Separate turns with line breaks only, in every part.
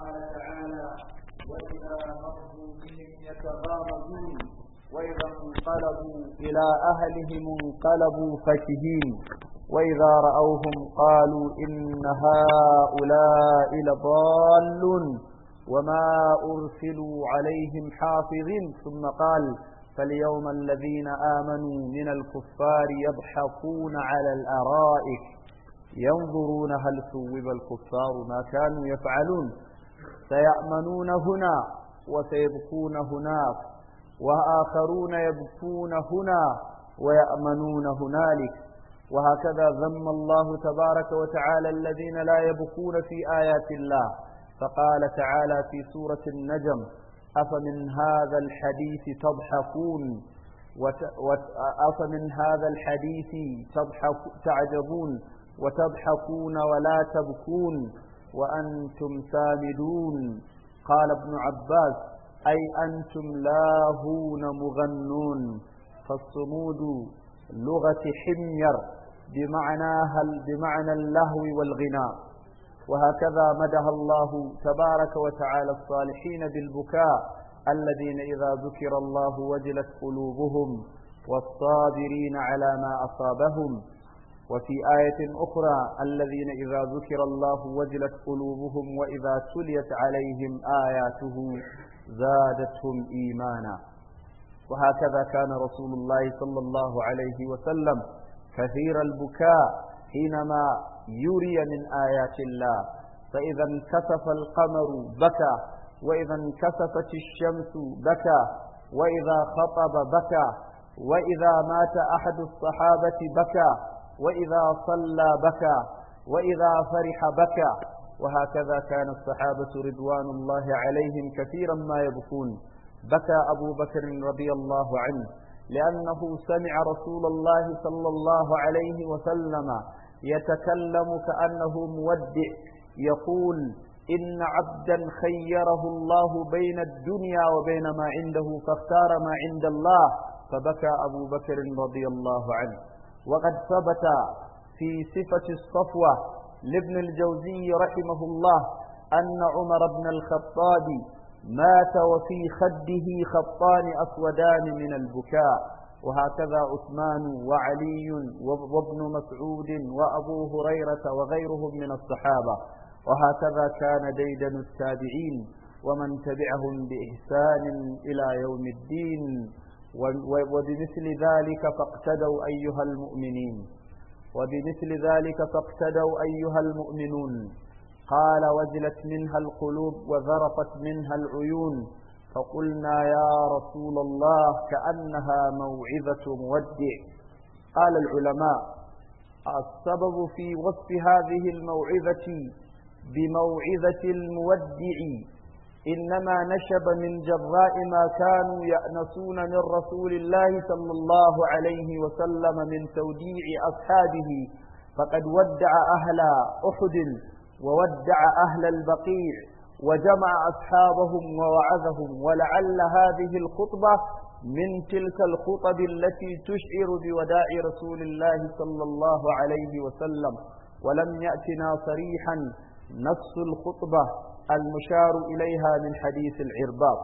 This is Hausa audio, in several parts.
قال تعالى واذا مروا بهم يتغامزون واذا انقلبوا الى اهلهم انقلبوا فكهين واذا راوهم قالوا ان هؤلاء لضالون وما ارسلوا عليهم حافظين ثم قال فاليوم الذين امنوا من الكفار يضحكون على الارائك ينظرون هل ثوب الكفار ما كانوا يفعلون سيأمنون هنا وسيبكون هناك وآخرون يبكون هنا ويأمنون هنالك وهكذا ذم الله تبارك وتعالى الذين لا يبكون في آيات الله فقال تعالى في سورة النجم أفمن هذا الحديث تضحكون أفمن هذا الحديث تضحك تعجبون وتضحكون ولا تبكون وأنتم سامدون قال ابن عباس أي أنتم لاهون مغنون فالصمود لغة حمير بمعنى, هل بمعنى اللهو والغناء وهكذا مدها الله تبارك وتعالى الصالحين بالبكاء الذين إذا ذكر الله وجلت قلوبهم والصابرين على ما أصابهم وفي آية أخرى الذين إذا ذكر الله وجلت قلوبهم وإذا تليت عليهم آياته زادتهم إيمانا وهكذا كان رسول الله صلى الله عليه وسلم كثير البكاء حينما يري من آيات الله فإذا انكسف القمر بكى وإذا انكسفت الشمس بكى وإذا خطب بكى وإذا مات أحد الصحابة بكى وإذا صلى بكى وإذا فرح بكى وهكذا كان الصحابة رضوان الله عليهم كثيرا ما يبكون بكى أبو بكر رضي الله عنه لأنه سمع رسول الله صلى الله عليه وسلم يتكلم كأنه مودع يقول إن عبدا خيره الله بين الدنيا وبين ما عنده فاختار ما عند الله فبكى أبو بكر رضي الله عنه وقد ثبت في صفة الصفوة لابن الجوزي رحمه الله أن عمر بن الخطاب مات وفي خده خطان أسودان من البكاء وهكذا عثمان وعلي وابن مسعود وأبو هريرة وغيرهم من الصحابة وهكذا كان ديدن التابعين ومن تبعهم بإحسان إلى يوم الدين وبمثل ذلك فاقتدوا أيها المؤمنين وبمثل ذلك فاقتدوا أيها المؤمنون قال وزلت منها القلوب وذرفت منها العيون فقلنا يا رسول الله كأنها موعظة مودع قال العلماء السبب في وصف هذه الموعظة بموعظة المودع إنما نشب من جراء ما كانوا يأنسون من رسول الله صلى الله عليه وسلم من توديع أصحابه فقد ودع أهل أحد وودع أهل البقيع وجمع أصحابهم ووعظهم ولعل هذه الخطبة من تلك الخطب التي تشعر بوداع رسول الله صلى الله عليه وسلم ولم يأتنا صريحا نص الخطبة المشار إليها من حديث العرباط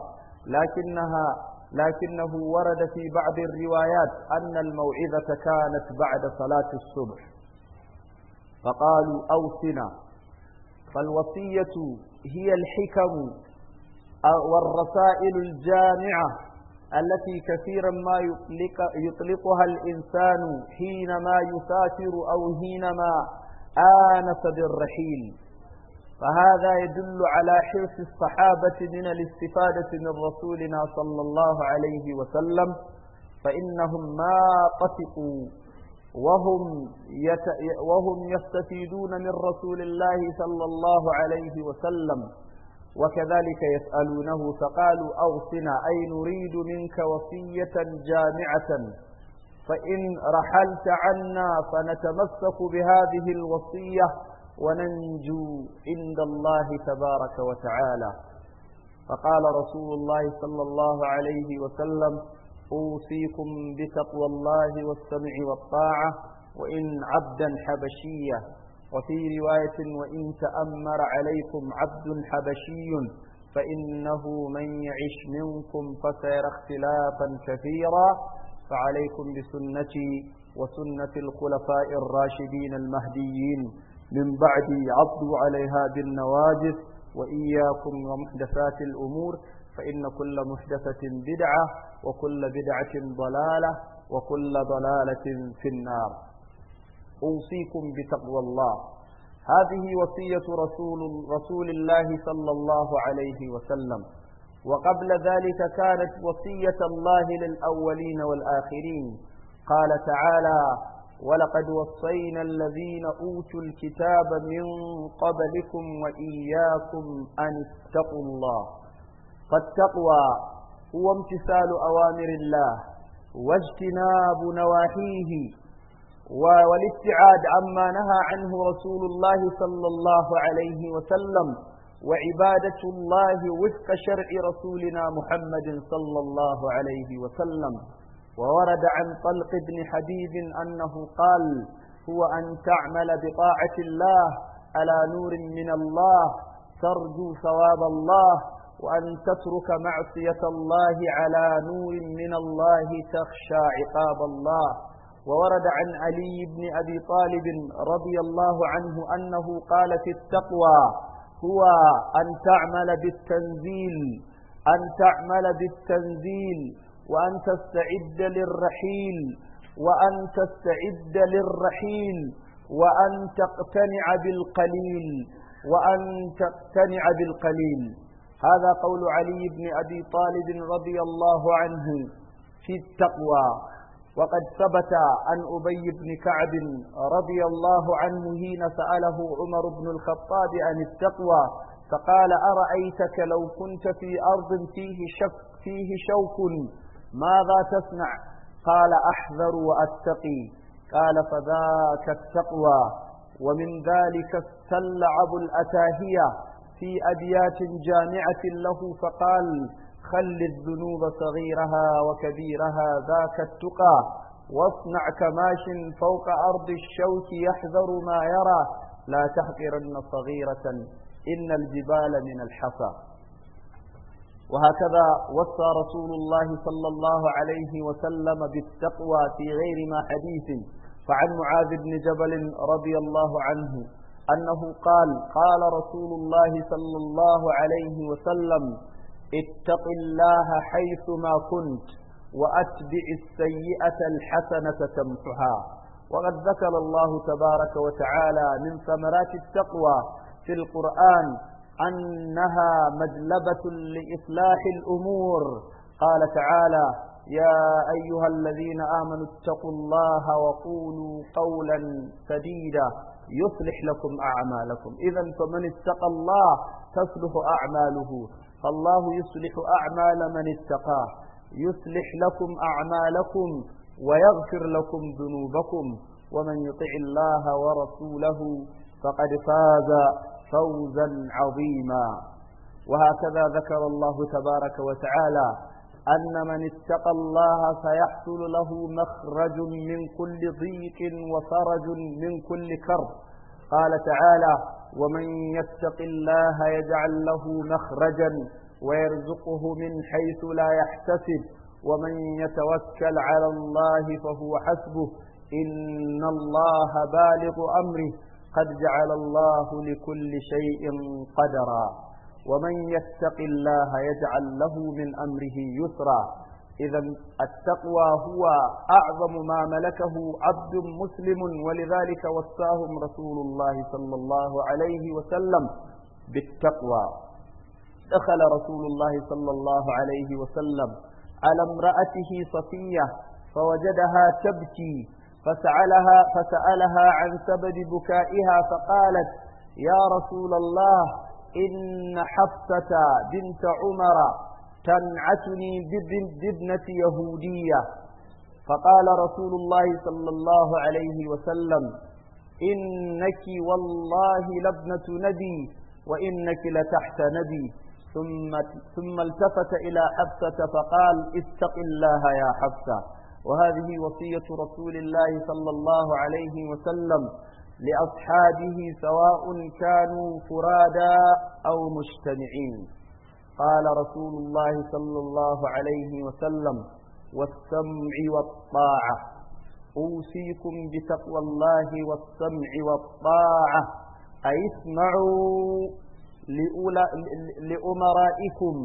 لكنها لكنه ورد في بعض الروايات أن الموعظة كانت بعد صلاة الصبح فقالوا أوصنا فالوصية هي الحكم والرسائل الجامعة التي كثيرا ما يطلق يطلقها الإنسان حينما يسافر أو حينما آنس بالرحيل فهذا يدل على حرص الصحابة من الاستفادة من رسولنا صلى الله عليه وسلم فإنهم ما قسطوا وهم, يت... وهم يستفيدون من رسول الله صلى الله عليه وسلم وكذلك يسألونه فقالوا أوصنا أي نريد منك وصية جامعة فإن رحلت عنا فنتمسك بهذه الوصية وننجو عند الله تبارك وتعالى فقال رسول الله صلى الله عليه وسلم أوصيكم بتقوى الله والسمع والطاعة وإن عبدا حبشيا وفي رواية وإن تأمر عليكم عبد حبشي فإنه من يعش منكم فسيرى اختلافا كثيرا فعليكم بسنتي وسنة الخلفاء الراشدين المهديين من بعد عضوا عليها بالنواجس وإياكم ومحدثات الأمور فإن كل محدثة بدعة وكل بدعة ضلالة وكل ضلالة في النار أوصيكم بتقوى الله هذه وصية رسول, رسول الله صلى الله عليه وسلم وقبل ذلك كانت وصية الله للأولين والآخرين قال تعالى ولقد وصينا الذين أوتوا الكتاب من قبلكم وإياكم أن اتقوا الله فالتقوى هو امتثال أوامر الله واجتناب نواحيه والابتعاد عما نهى عنه رسول الله صلى الله عليه وسلم وعبادة الله وفق شرع رسولنا محمد صلى الله عليه وسلم وورد عن طلق بن حبيب أنه قال هو أن تعمل بطاعة الله على نور من الله ترجو ثواب الله وأن تترك معصية الله على نور من الله تخشى عقاب الله وورد عن علي بن أبي طالب رضي الله عنه أنه قال في التقوى هو أن تعمل بالتنزيل أن تعمل بالتنزيل وأن تستعد للرحيل وأن تستعد للرحيل وأن تقتنع بالقليل وأن تقتنع بالقليل هذا قول علي بن أبي طالب رضي الله عنه في التقوى وقد ثبت عن أبي بن كعب رضي الله عنه حين سأله عمر بن الخطاب عن التقوى فقال أرأيتك لو كنت في أرض فيه شك فيه شوك ماذا تصنع قال أحذر وأتقي قال فذاك التقوى ومن ذلك ابو الأتاهية في أبيات جامعة له فقال خل الذنوب صغيرها وكبيرها ذاك التقى واصنع كماش فوق أرض الشوك يحذر ما يرى لا تحقرن صغيرة إن الجبال من الحصى وهكذا وصى رسول الله صلى الله عليه وسلم بالتقوى في غير ما حديث فعن معاذ بن جبل رضي الله عنه أنه قال قال رسول الله صلى الله عليه وسلم اتق الله حيثما كنت وأتبع السيئة الحسنة تمحها وقد ذكر الله تبارك وتعالى من ثمرات التقوى في القرآن أنها مجلبة لإصلاح الأمور قال تعالى يا أيها الذين آمنوا اتقوا الله وقولوا قولا سديدا يصلح لكم أعمالكم إذا فمن اتقى الله تصلح أعماله فالله يصلح أعمال من اتقاه يصلح لكم أعمالكم ويغفر لكم ذنوبكم ومن يطع الله ورسوله فقد فاز فوزا عظيما وهكذا ذكر الله تبارك وتعالى أن من اتقى الله سيحصل له مخرج من كل ضيق وفرج من كل كرب قال تعالى ومن يتق الله يجعل له مخرجا ويرزقه من حيث لا يحتسب ومن يتوكل على الله فهو حسبه إن الله بالغ أمره قد جعل الله لكل شيء قدرا ومن يتق الله يجعل له من امره يسرا اذا التقوى هو اعظم ما ملكه عبد مسلم ولذلك وصاهم رسول الله صلى الله عليه وسلم بالتقوى دخل رسول الله صلى الله عليه وسلم على امراته صفيه فوجدها تبكي فسألها, فسألها عن سبب بكائها فقالت يا رسول الله إن حفصة بنت عمر تنعتني بابنة يهودية فقال رسول الله صلى الله عليه وسلم إنك والله لابنة نبي وإنك لتحت نبي ثم, ثم التفت إلى حفصة فقال اتق الله يا حفصة وهذه وصية رسول الله صلى الله عليه وسلم لأصحابه سواء كانوا فرادا أو مجتمعين قال رسول الله صلى الله عليه وسلم والسمع والطاعة أوصيكم بتقوى الله والسمع والطاعة أي اسمعوا لأمرائكم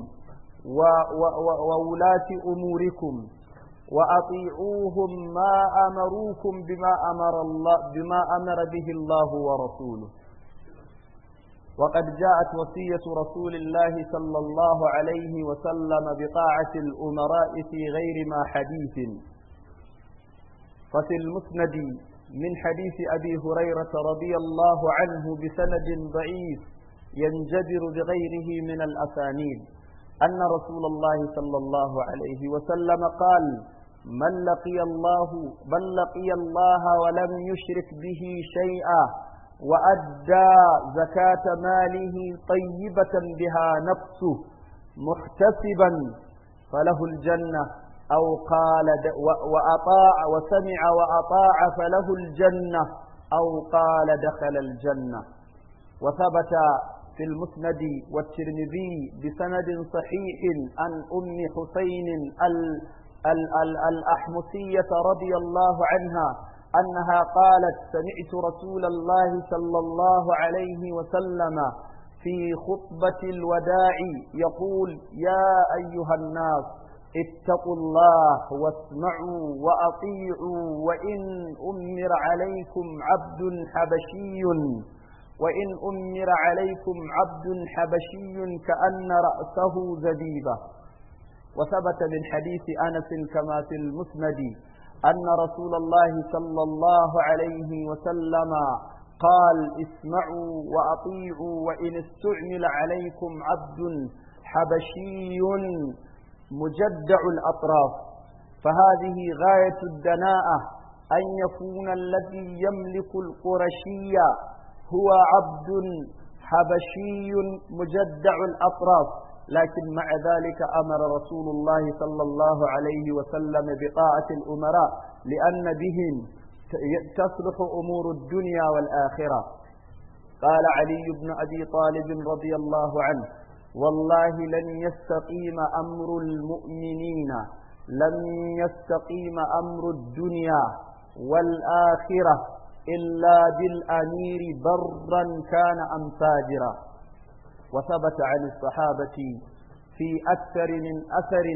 وولاة أموركم وأطيعوهم ما أمروكم بما أمر الله بما أمر به الله ورسوله وقد جاءت وصية رسول الله صلى الله عليه وسلم بطاعة الأمراء في غير ما حديث ففي المسند من حديث أبي هريرة رضي الله عنه بسند ضعيف ينجبر بغيره من الأسانيد أن رسول الله صلى الله عليه وسلم قال من لقي الله من لقي الله ولم يشرك به شيئا وأدى زكاة ماله طيبة بها نفسه محتسبا فله الجنة أو قال وأطاع وسمع وأطاع فله الجنة أو قال دخل الجنة وثبت في المسند والترمذي بسند صحيح عن أم حسين ال الأحمسية رضي الله عنها أنها قالت سمعت رسول الله صلى الله عليه وسلم في خطبة الوداع يقول يا أيها الناس اتقوا الله واسمعوا وأطيعوا وإن أمر عليكم عبد حبشي وإن أمر عليكم عبد حبشي كأن رأسه زبيبة وثبت من حديث أنس كما في المسند أن رسول الله صلى الله عليه وسلم قال اسمعوا وأطيعوا وإن استعمل عليكم عبد حبشي مجدع الأطراف فهذه غاية الدناءة أن يكون الذي يملك القرشية هو عبد حبشي مجدع الأطراف لكن مع ذلك أمر رسول الله صلى الله عليه وسلم بطاعة الأمراء لأن بهم تصلح أمور الدنيا والآخرة قال علي بن أبي طالب رضي الله عنه والله لن يستقيم أمر المؤمنين لن يستقيم أمر الدنيا والآخرة إلا بالأمير برا كان أم فاجرا وثبت عن الصحابة في أكثر من أثر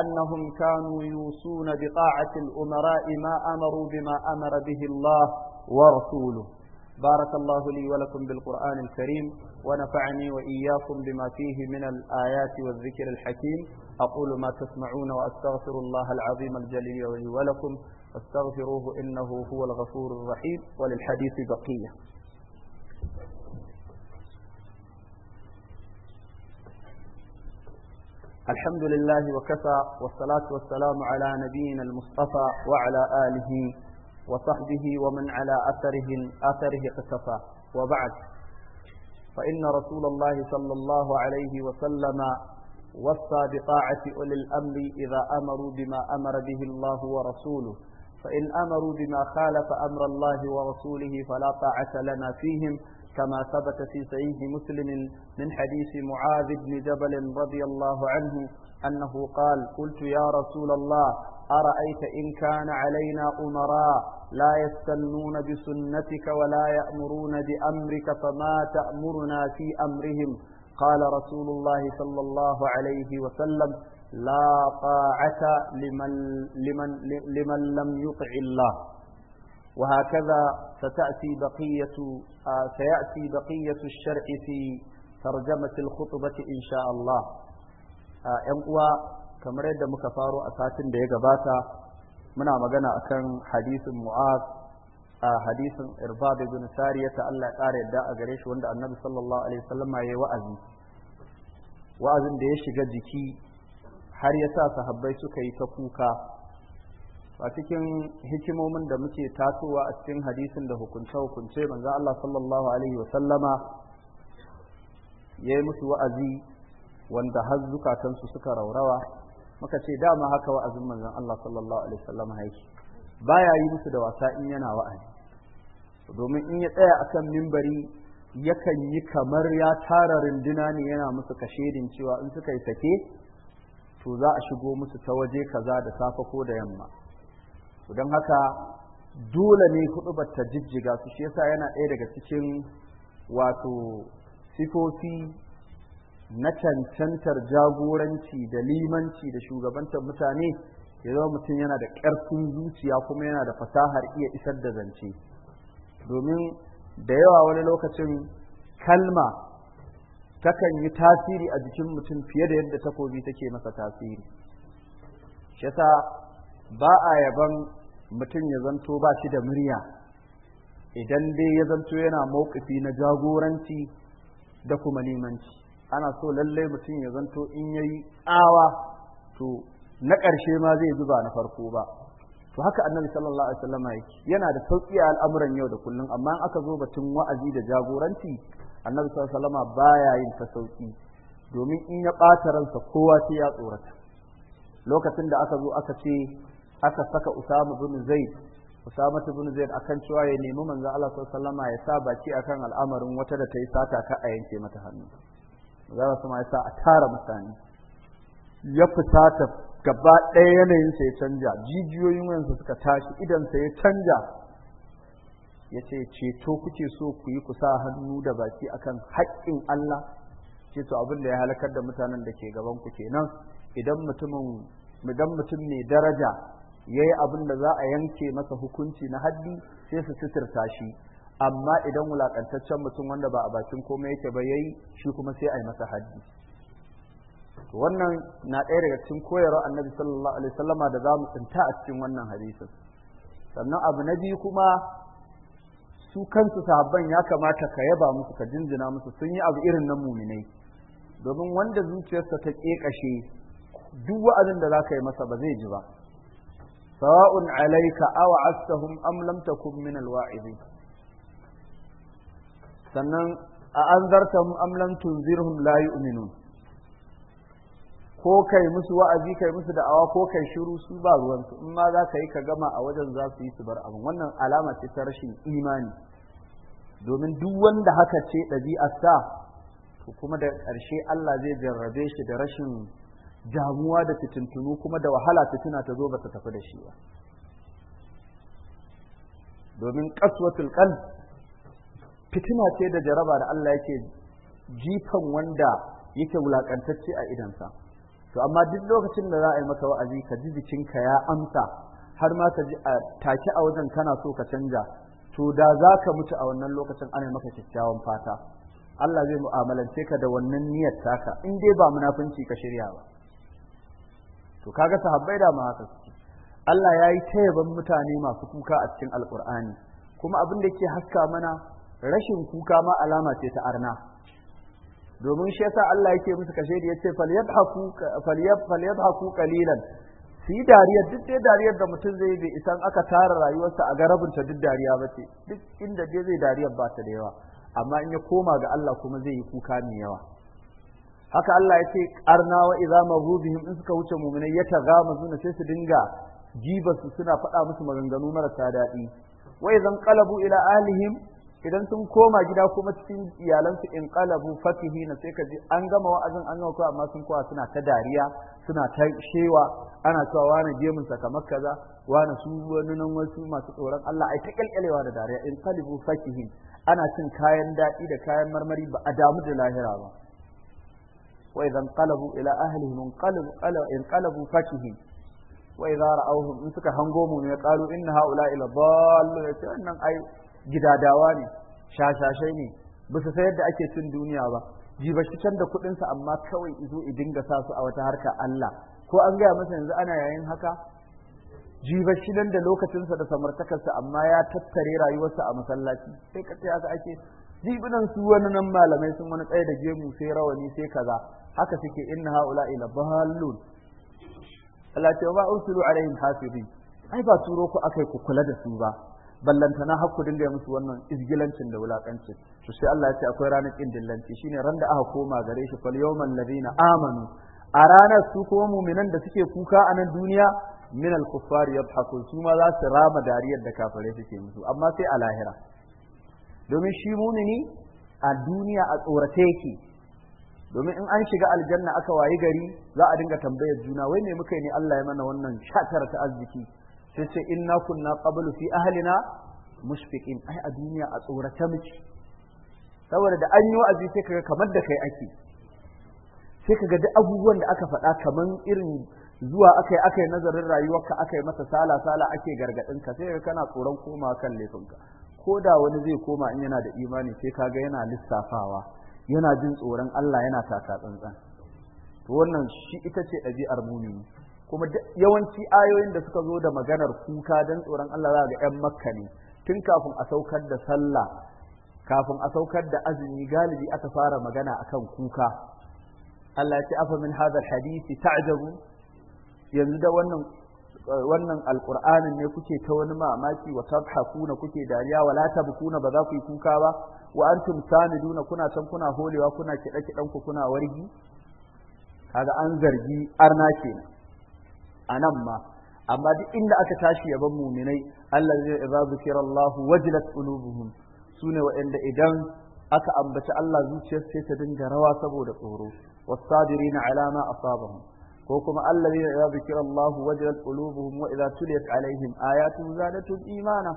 أنهم كانوا يوصون بقاعة الأمراء ما أمروا بما أمر به الله ورسوله بارك الله لي ولكم بالقرآن الكريم ونفعني وإياكم بما فيه من الآيات والذكر الحكيم أقول ما تسمعون وأستغفر الله العظيم الجليل لي ولكم فاستغفروه إنه هو الغفور الرحيم وللحديث بقية الحمد لله وكفى والصلاة والسلام على نبينا المصطفى وعلى آله وصحبه ومن على أثره أثره اقتفى وبعد فإن رسول الله صلى الله عليه وسلم وصى بطاعة أولي الأمر إذا أمروا بما أمر به الله ورسوله فإن أمروا بما خالف أمر الله ورسوله فلا طاعة لنا فيهم كما ثبت في صحيح مسلم من حديث معاذ بن جبل رضي الله عنه أنه قال قلت يا رسول الله أرأيت إن كان علينا أمراء لا يستنون بسنتك ولا يأمرون بأمرك فما تأمرنا في أمرهم قال رسول الله صلى الله عليه وسلم لا طاعة لمن, لمن, لمن لم يطع الله وهكذا ستأتي بقية آه، سيأتي بقية الشرع في ترجمة الخطبة إن شاء الله ينقوى آه، كما ريد مكفار أساتن بيقباتا منا مغنى أكن حديث معاذ آه، حديث إرباب بن سارية ألا تاري داء غريش وند النبي صلى الله عليه وسلم ما يوأذن وأذن ديش جدكي حريتا صحبيتك يتفوكا a cikin hikimomin da muke tasowa a cikin hadisin da hukunce-hukunce manzo Allah sallallahu alaihi wasallama ya yi musu wa'azi wanda har zukatansu suka raurawa muka ce dama haka wa'azin manzon Allah sallallahu alaihi wasallama haiki baya yi musu da wasa in yana wa'azi domin in ya tsaya akan mimbari yakan yi kamar ya tara runduna ne yana musu kashedin cewa in suka yi sake to za a shigo musu ta waje kaza da safe ko da yamma don haka dole ne hudubar ta jijjiga su shi yasa yana ɗaya daga cikin wato sifofi na cancantar jagoranci da limanci da shugabantar mutane ya zama mutum yana da ƙarfin zuciya kuma yana da fasahar iya isar da zance domin da yawa wani lokacin kalma takan yi tasiri a jikin mutum fiye da yadda takobi take masa tasiri shi ba a yaban mutum ya zanto ba shi da murya idan dai ya zanto yana maukafi na jagoranci da kuma limanci ana so lallai mutum ya zanto in yayi tsawa to na ƙarshe ma zai zuba na farko ba to haka annabi sallallahu alaihi wasallam yake yana da sauki a al'amuran yau da kullum amma in aka zo batun wa'azi da jagoranci annabi sallallahu alaihi wasallam baya yin ta sauki domin in ya ɓata ransa kowa sai ya tsorata lokacin da aka zo aka ce aka saka Usama bin Zaid Usama bin Zaid akan cewa ya nemi manzo Allah sallallahu alaihi ya sa baki akan al'amarin wata da ta yi sata ka a yanke mata hannu za Allah sama ya sa a tara mutane ya fusata gaba ɗaya yanayin sa ya canja jijiyoyin wayansa suka tashi idan sa ya canja ya ce ceto kuke so ku yi kusa hannu da baki akan haƙƙin Allah ce to abin da ya halakar da mutanen da ke gaban ku kenan idan mutumin idan mutum mai daraja Yayi yi abin da za a yanke masa hukunci na haddi sai su suturta shi amma idan wulaƙantaccen mutum wanda ba a bakin komai yake ba ya yi shi kuma sai a yi masa haddi wannan na ɗaya daga cikin koyarwar annabi sallallahu alaihi wasallama da za mu tsinta a cikin wannan hadisin sannan abu na biyu kuma su kansu sahabban ya kamata ka yaba musu ka jinjina musu sun yi abu irin na muminai domin wanda zuciyarsa ta ƙeƙashe duk wa'azin da za ka yi masa ba zai ji ba sawa'un alayka aw astahum am lam takum min alwa'izin sannan a anzartahum am lam tunzirhum la yu'minun ko kai musu wa'azi kai musu da'awa ko kai shiru su ba ruwansu in ma za ka yi ka gama a wajen za su yi su bar abin wannan alama ce ta rashin imani domin duk wanda haka ce ɗabi'arsa to kuma da ƙarshe Allah zai jarrabe shi da rashin Jamuwa da fitintunu kuma da wahala fitina ta zo ba ta tafi da shi ba domin kaswatul qalb fitina ce da jaraba da Allah yake jifan wanda yake wulakantacce a idansa to amma duk lokacin da za a yi maka wa'azi ka ji jikinka ya amsa har ma ka ji a take a wajen kana so ka canja to da za ka mutu a wannan lokacin ana maka kyakkyawan fata Allah zai mu'amalance ka da wannan niyyar taka in dai ba munafunci ka shirya ba to kaga sahabbai da ma haka suke Allah ya yi tayaban mutane masu kuka a cikin alkur'ani kuma abin da ke haska mana rashin kuka ma alama ce ta arna domin shi yasa Allah yake musu kashe da yace falyadhaku falyadhaku qalilan su yi dariya duk dai dariyar da mutum zai yi isan aka tara rayuwarsa a garabin ta duk dariya ba duk inda dai zai dariyar ba ta da yawa amma in ya koma ga Allah kuma zai yi kuka mai yawa haka Allah ya ce arna wa idza maghubihim in suka wuce mu'minai ya ta gama suna sai su dinga su, suna faɗa musu maganganu marasa daɗi wa idan qalabu ila alihim idan sun koma gida kuma cikin iyalansu in qalabu fatihina sai ka ji an gama wa'azin an gama kowa amma sun kowa suna ta dariya suna ta shewa ana cewa wani saka makka kaza wani su wani nan wasu masu tsoron Allah ai ta kalkalewa da dariya in qalabu fatihin ana cin kayan daɗi da kayan marmari ba a damu da lahira ba وإذا انقلبوا إلى أهلهم انقلبوا انقلبوا فكهين وإذا رأوهم إن سكا هنقوموا يقالوا إن هؤلاء لضالون يتعنن أي جداداواني شاشاشيني بس سيد أكي تن دنيا با جيبا shi can da kuɗinsa amma kawai izo i dinga sa su a wata harka Allah ko an gaya masa jiba shi nan da lokacinsa da samartakarsa amma ya tattare rayuwarsa a masallaci sai ka aka ake jibinan su wani nan malamai sun wani tsaye da gemu sai rawani sai kaza haka suke inna haula ila bahallun Allah ce ba usulu alaihim hasibi ai ba turo ku akai ku kula da su ba ballantana har ku dinga musu wannan izgilancin da wulakanci to sai Allah ya ce akwai ranar kin dillanci shine ran da aka koma gare shi fal yawmal ladina amanu a ranar su kuma mu'minan da suke kuka a nan duniya min al kuffar yadhakun su za su rama dariyar da kafare suke musu amma sai a lahira domin shi mumini a duniya a tsorace yake domin in an shiga aljanna aka wayi gari za a dinga tambayar juna wai ne muka yi ne Allah ya mana wannan shatar ta arziki sai sai inna kunna qablu fi ahlina mushfiqin ai a duniya a tsorace miki saboda da an yi wa'azi sai kaga kamar da kai ake sai kaga duk abubuwan da aka faɗa kamar irin zuwa akai akai nazarin rayuwarka aka masa sala sala ake gargadin ka sai kana tsoron koma kan laifinka ko da wani zai koma in yana da imani sai kaga yana lissafawa yana jin tsoron Allah yana taka tsantsan to wannan shi ita ce ɗabi'ar mumini kuma yawanci ayoyin da suka zo da maganar kuka dan tsoron Allah za ga 'yan makka ne tun kafin a saukar da sallah kafin a saukar da azumi galibi aka fara magana akan kuka Allah ya ce afa min hadha hadisi ta'jabu yanzu da wannan wannan alqur'anin ne kuke ta wani mamaki wa tadhakuna kuke dariya wala Bukuna ba za ku yi kuka ba wa antum samiduna kuna can kuna holewa kuna kiɗa kiɗan ku kuna wargi kaga an zargi arna a anan ma amma duk inda aka tashi yaban muminai Allah zai idza zikira Allah wajlat qulubuhum sune waɗanda idan aka ambaci Allah zuciyar sai ta dinga rawa saboda tsoro was-sabirina ala ma asabahum ko kuma allazi ya zikira Allahu wajadat qulubuhum wa idha tuliyat alaihim ayatu zadatuhum imana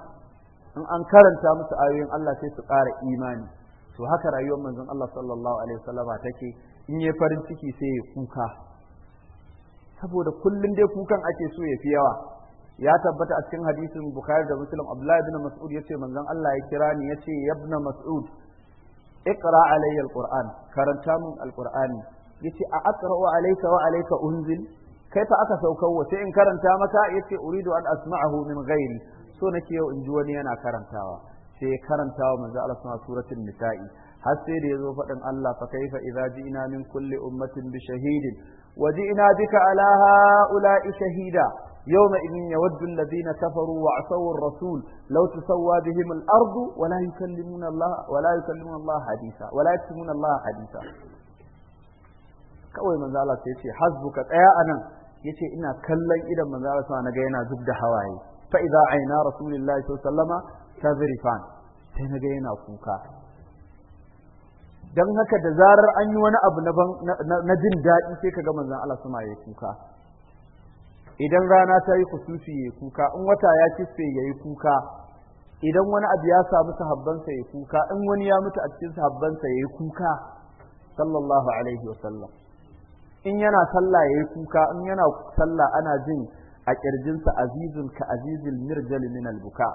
in an karanta musu ayoyin Allah sai su ƙara imani to haka rayuwar manzon Allah sallallahu alaihi wasallama take in yayi farin ciki sai ya kuka saboda kullum dai kukan ake so ya fi yawa ya tabbata a cikin hadisin bukhari da muslim abdullahi ibn mas'ud yace manzon Allah ya kira ni yace ya ibn mas'ud iqra alayya alquran karanta min alqur'ani yace a aqra'u alayka wa alayka unzil kai fa aka saukar wa sai in karanta maka yace uridu an asma'ahu min ghairi so nake yau in ji wani yana karantawa sai karantawa manzo Allah sama suratul nisa'i har sai da yazo fadin Allah fa kaifa idza ji'na min kulli ummatin bi shahidin wa ji'na bika ala ha'ula'i shahida Yau يود الذين كفروا وعصوا الرسول لو تسوى بهم الأرض ولا يكلمون الله ولا يكلمون الله حديثا ولا يكلمون الله حديثا kawai Manzala ta sai yace hasbuka tsaya anan yace ina kallon idan manzala Allah sai naga yana zub da hawaye fa idza aina rasulullahi sallallahu alaihi tazrifan sai naga yana kuka dan haka da zarar an yi wani abu na jin daɗi sai kaga manzon Allah sama yayi kuka idan rana ta yi kusufi yayi kuka in wata ya kiffe yayi kuka idan wani abu ya samu sahabbansa yayi kuka in wani ya mutu a cikin sahabbansa yayi kuka sallallahu alaihi wasallam in yana sallah yayi kuka in yana sallah ana jin a kirjinsa azizun ka azizil mirjal min albuka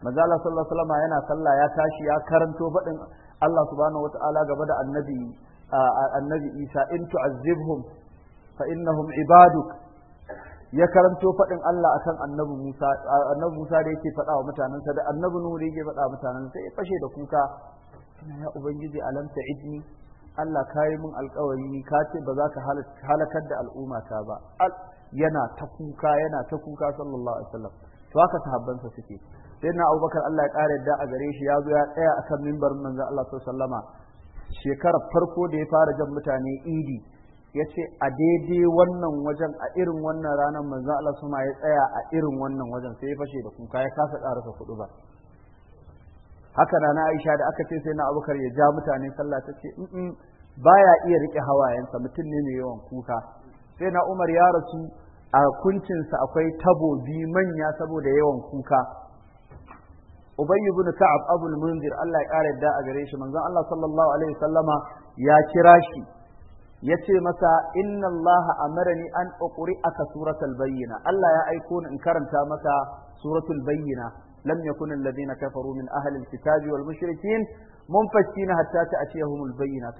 manzo Allah sallallahu alaihi wasallam yana sallah ya tashi ya karanto fadin Allah subhanahu wataala gaba da annabi annabi Isa in tu'azzibhum fa innahum ibaduk ya karanto fadin Allah akan annabi Musa annabi Musa da yake fada wa mutanansa da annabi Nuhu da yake fada wa mutanen sai ya fashe da kuka ya ubangiji alam ta'idni Allah ka yi min alkawari ka ce ba za ka halakar da al'ummata ba yana ta kuka yana ta kuka sallallahu alaihi wasallam to haka sahabbansa suke sai na abubakar Allah ya ƙara yadda a gare shi ya zo ya tsaya a kan mimbarin manzon Allah sallama shekarar farko da ya fara jan mutane idi ya ce a daidai wannan wajen a irin wannan ranar manzon Allah ya tsaya a irin wannan wajen sai ya fashe da kuka ya kasa karasa kudu ba haka na na aisha da aka ce sai na abubakar ya ja mutane sallah ta ce baya iya rike hawayensa mutum ne mai yawan kuka sai na umar ya rasu a kuncinsa akwai tabo bi manya saboda yawan kuka ubay ibn ka'ab abul munzir Allah ya kare da a gare shi manzon Allah sallallahu alaihi wasallama ya kira shi ya ce masa inna Allah ni an aka suratul bayyina Allah ya aiko ni in karanta maka suratul bayyina لم يكن الذين كفروا من أهل الكتاب والمشركين منفشين حتى تأتيهم البينة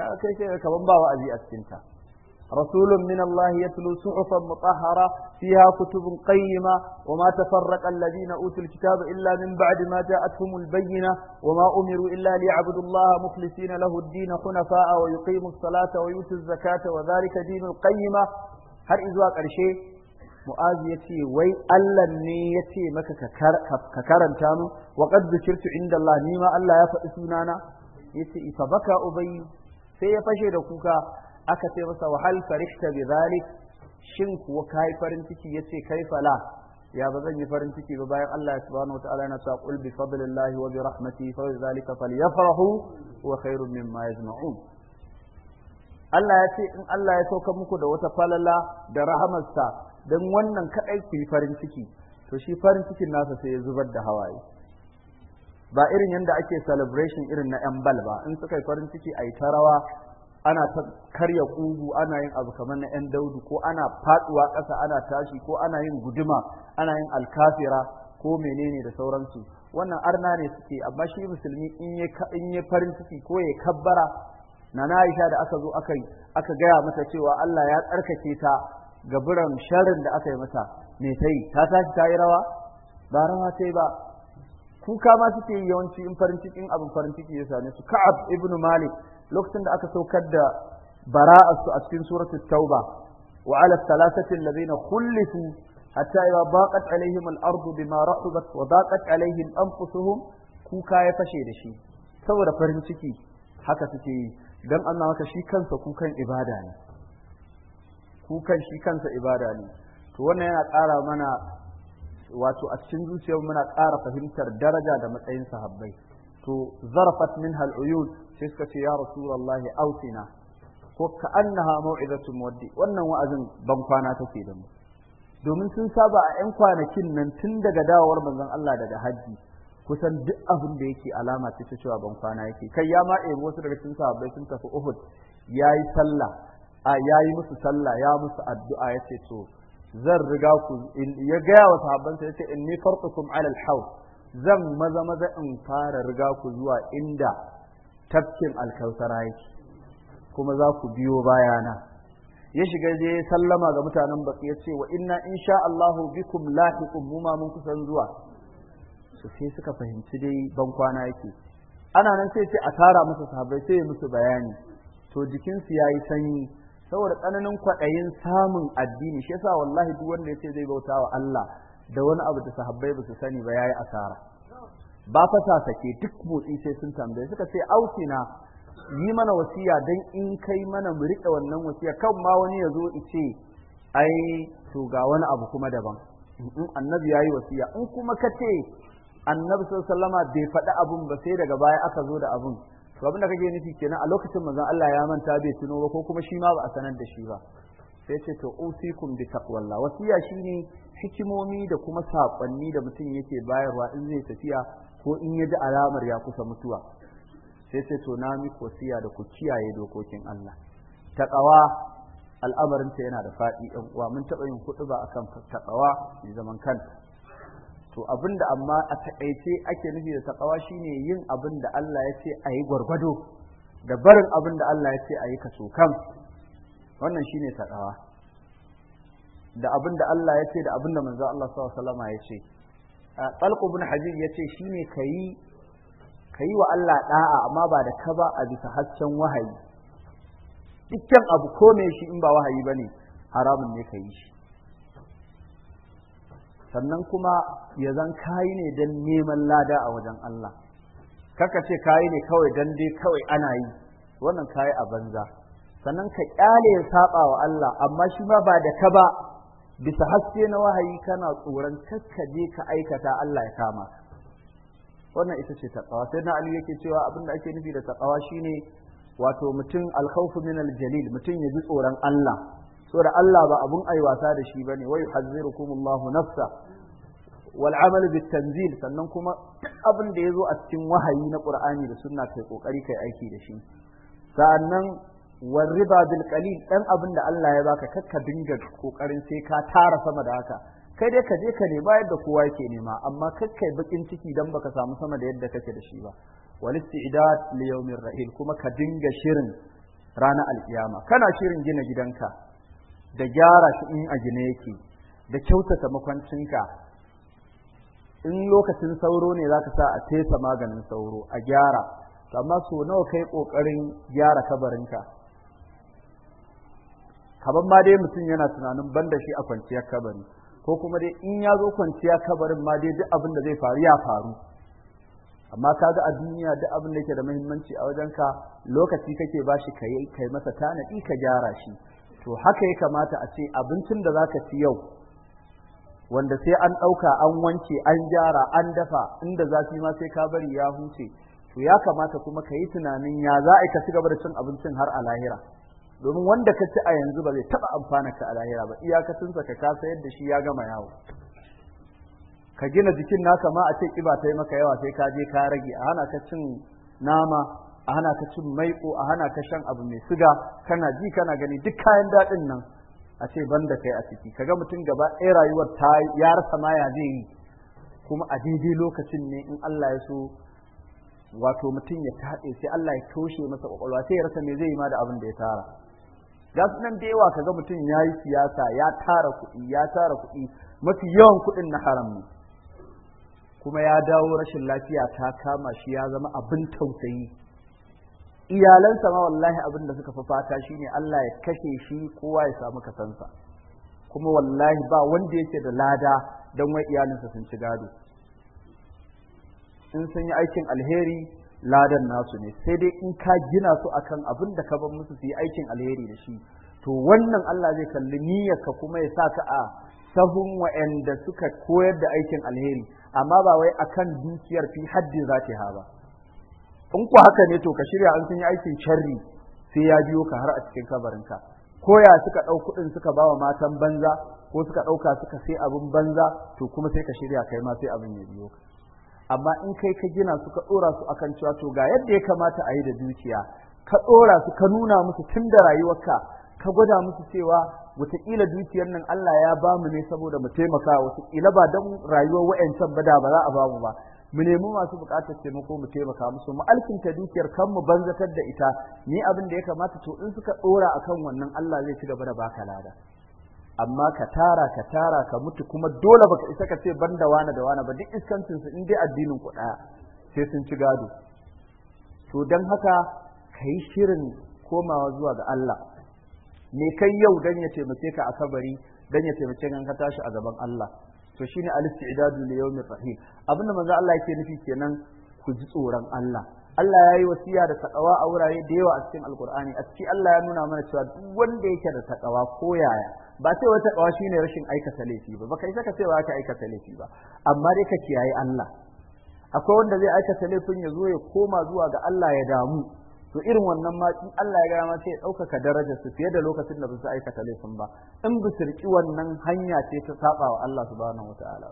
رسول من الله يتلو صحفا مطهرة فيها كتب قيمة وما تفرق الذين أوتوا الكتاب إلا من بعد ما جاءتهم البينة وما أمروا إلا ليعبدوا الله مخلصين له الدين حنفاء ويقيموا الصلاة ويؤتوا الزكاة وذلك دين القيمة هل إذوا قرشي Mu'azu ya ce wai Allah ne ya ce maka ka karanta mu wa qad dhukirtu inda Allah ni ma Allah ya faɗi sunana yace ifa baka ubayy sai ya fashe da kuka aka ce masa wahal farihta bi zalik shin kuwa kai farin ciki yace kai fala ya ba zan yi farin ciki ba bayan Allah ya subhanahu wa ta'ala yana sa qul bi fadlillahi wa bi rahmatihi fa zalika falyafrahu wa khairun mimma yajma'un Allah ya ce in Allah ya sauka muku da wata falala da rahamarsa don wannan kaɗai ku yi farin ciki to shi farin cikin nasa sai ya zubar da hawaye ba irin yadda ake celebration irin na 'yan bal ba in suka yi farin ciki a yi ta rawa ana karya kugu ana yin abu kamar na 'yan daudu ko ana faduwa ƙasa ana tashi ko ana yin guduma ana yin alkafira ko menene da sauransu wannan arna ne suke amma shi musulmi in ya farin ciki ko ya kabbara na na aisha da aka zo aka aka gaya mata cewa Allah ya tsarkake ta ga biran sharrin da aka yi masa me ta yi ta tashi ta yi rawa ba rawa ta yi ba kuka ma suke yi yawanci in farin cikin abin farin ciki ya same su ka'ab ibnu malik lokacin da aka saukar da bara'a su a cikin suratul tauba wa ala thalathati alladhina khulifu hatta ya baqat alaihim al-ardu bima rahabat wa baqat alaihim anfusuhum kuka ya fashe da shi saboda farin ciki haka suke yi Dan Allah maka shi kansa kukan ibada ne kukan shi kansa ibada ne to wannan yana ƙara mana wato a cikin zuciyar muna ƙara fahimtar daraja da matsayin sahabbai to zarafat min uyud sai suka ce ya rasulullahi ausina ko ka annaha mau'izatu muwaddi wannan wa'azin ban kwana take da mu domin sun saba a 'yan kwanakin nan tun daga dawowar manzon Allah daga hajji kusan duk abin da yake alama ce ta cewa ban kwana yake kai ya ma wasu daga cikin sahabbai sun tafi Uhud yayi sallah a yi musu sallah ya musu addu'a ya ce to zan riga ku ya gaya wa sahabbansa yace inni farkukum alal al zan maza maza in fara riga ku zuwa inda tafkin alkausara yake kuma za ku biyo bayana ya shiga je sallama ga mutanen baki ya ce wa inna insha Allahu bikum lahiqum mu ma mun kusan zuwa su sai suka fahimci dai ban kwana yake ana nan sai ce a tara musu sahabbai sai musu bayani to jikinsu yayi sanyi saboda tsananin kwaɗayin samun addini shi yasa wallahi duk wanda yace zai bauta wa Allah da wani abu da sahabbai ba su sani ba yayi asara ba fata sake duk motsi sai sun tambaye suka ce ausina yi mana wasiya dan in kai mana mu riƙe wannan wasiya kan ma wani ya zo ice ai to ga wani abu kuma daban annabi yayi wasiya in kuma kace ce annabi sallallahu alaihi wasallama bai faɗi abun ba sai daga baya aka zo da abun to abinda kake nufi kenan a lokacin manzon Allah ya manta bai tuno ba ko kuma shi ma ba a sanar da shi ba sai ce to usikum bi taqwallah wasiya shine hikimomi da kuma sakonni da mutum yake bayarwa in zai tafiya ko in ya ji alamar ya kusa mutuwa sai ce to na miki wasiya da ku kiyaye dokokin Allah taqwa al'amarin ta yana da faɗi ɗan uwa mun taɓa yin kuɗi ba akan taqwa zaman kanta to abinda amma a takaice ake nufi da takawa shine yin abin da Allah ya ce a yi gwargwado da barin abin da Allah ya ce a yi kaso kan wannan shine takawa da abin da Allah ya ce da abin da manzo Allah sallallahu alaihi ya ce talq ibn habib ya ce shine ka yi wa Allah da'a amma ba da ka ba a bisa hasken wahayi dukkan abu ko me shi in ba wahayi bane haramun ne yi shi sannan kuma ya zan kayi ne don neman lada a wajen Allah kaka ce kayi ne kawai don dai kawai ana yi wannan kayi a banza sannan ka kyale ya saba wa Allah amma shi ma ba da ka ba bisa haske na wahayi kana tsoron je ka aikata Allah ya kama wannan ita ce taqwa sai na Ali yake cewa abin da ake nufi da taqwa shine wato mutum alkhawfu min aljalil mutum ya ji tsoron Allah da Allah ba abun ai wasa da shi bane wai Allah nafsa wal amal bit tanzil sannan kuma abin da yazo a cikin wahayi na Qur'ani da sunna kai kokari kai aiki da shi sa'annan war riba bil qalil dan abin da Allah ya baka kakka dinga kokarin sai ka tara sama da haka kai dai ka je ka nema yadda kowa yake nema amma kakkai bakin ciki dan baka samu sama da yadda kake da shi ba wal istidad li yawmir rahil kuma ka dinga shirin rana alkiyama kana shirin gina gidanka da gyara shi in a gine yake da kyautata makwancinka in lokacin sauro ne za ka sa a tesa maganin sauro a gyara amma so nawa kai ƙoƙarin gyara kabarinka kaban ma dai mutum yana tunanin ban da shi a kwanciyar kabari ko kuma dai in ya zo kwanciya kabarin ma dai duk abin da zai faru ya faru amma kaga a duniya duk abin da yake da muhimmanci a wajenka lokaci kake bashi kai kai masa tanadi ka gyara shi to haka ya kamata a ce abincin da za ka ci yau wanda sai an ɗauka an wanke an gyara an dafa inda zafi ma sai ka bari ya huce to ya kamata kuma ka yi tunanin ya za a ka ci gaba da cin abincin har a lahira domin wanda ka ci a yanzu ba zai taɓa amfana ka a lahira ba iyakacinsa ka kasa yadda shi ya gama yawo ka gina jikin naka ma a ce kiba ta yi maka yawa sai ka je ka rage a hana ka cin nama a hana ka cin maiƙo a hana ka shan abu mai siga kana ji kana gani duk kayan daɗin nan a ce ban banda kai a ciki kaga mutum gaba ɗaya rayuwar ta ya rasa ma ya zai yi kuma a daidai lokacin ne in Allah ya so wato mutum ya taɗe sai Allah ya toshe masa ƙwaƙwalwa sai ya rasa me zai yi ma da abin da ya tara ga nan da yawa kaga mutum ya yi siyasa ya tara kuɗi ya tara kuɗi mafi yawan kuɗin na haram ne kuma ya dawo rashin lafiya ta kama shi ya zama abin tausayi iyalansa ma wallahi abin da suka fi fata shine Allah ya kashe shi kowa ya samu kasansa kuma wallahi ba wanda yake da lada don wai iyalinsa sun ci gado in sun yi aikin alheri ladan nasu ne sai dai in ka gina su akan abin da ka bar musu su yi aikin alheri da shi to wannan Allah zai kalli ka kuma ya sa ka a sahun wa'anda suka koyar da aikin alheri amma ba wai akan dukiyar fi haddi ha ba in ku haka ne to ka shirya an sun yi aikin sharri sai ya biyo ka har a cikin kabarinka ko ya suka ɗau kuɗin suka bawa matan banza ko suka ɗauka suka sai abin banza to kuma sai ka shirya kai ma sai abin ya biyo ka amma in kai ka gina su ka ɗora su akan cewa to ga yadda ya kamata a yi da dukiya ka ɗora su ka nuna musu tun da rayuwarka ka gwada musu cewa wataƙila dukiyar nan Allah ya ba mu ne saboda mu taimaka wataƙila ba don rayuwar wa'yancan ba da ba za a ba mu ba mu nemi masu buƙatar taimako mu taimaka musu mu alkinta dukiyar kanmu mu banzatar da ita ni abin da ya kamata to in suka dora akan wannan Allah zai ci gaba da baka lada amma ka tara ka tara ka mutu kuma dole baka isa ka ce banda wani da wani ba duk iskancin su in dai addinin ku daya sai sun ci gado to dan haka kai shirin komawa zuwa ga Allah me kai yau dan ya taimake ka a kabari dan ya taimake ka tashi a gaban Allah to shine al-istidadu li yawmir rahim abinda manzo Allah yake nufi kenan ku ji tsoron Allah Allah ya yi wasiya da takawa a wurare da yawa a cikin alkur'ani a ciki Allah ya nuna mana cewa duk wanda yake da takawa ko yaya ba sai wata takawa shine rashin aikata laifi ba baka isa ka ce ka aikata laifi ba amma dai ka kiyaye Allah akwai wanda zai aikata laifin ya zo ya koma zuwa ga Allah ya damu to irin wannan ma in Allah ya gaya ma sai ya ɗaukaka daraja su fiye da lokacin da ba su aikata laifin ba in ba sirki wannan hanya ce ta saba wa Allah subhanahu wataala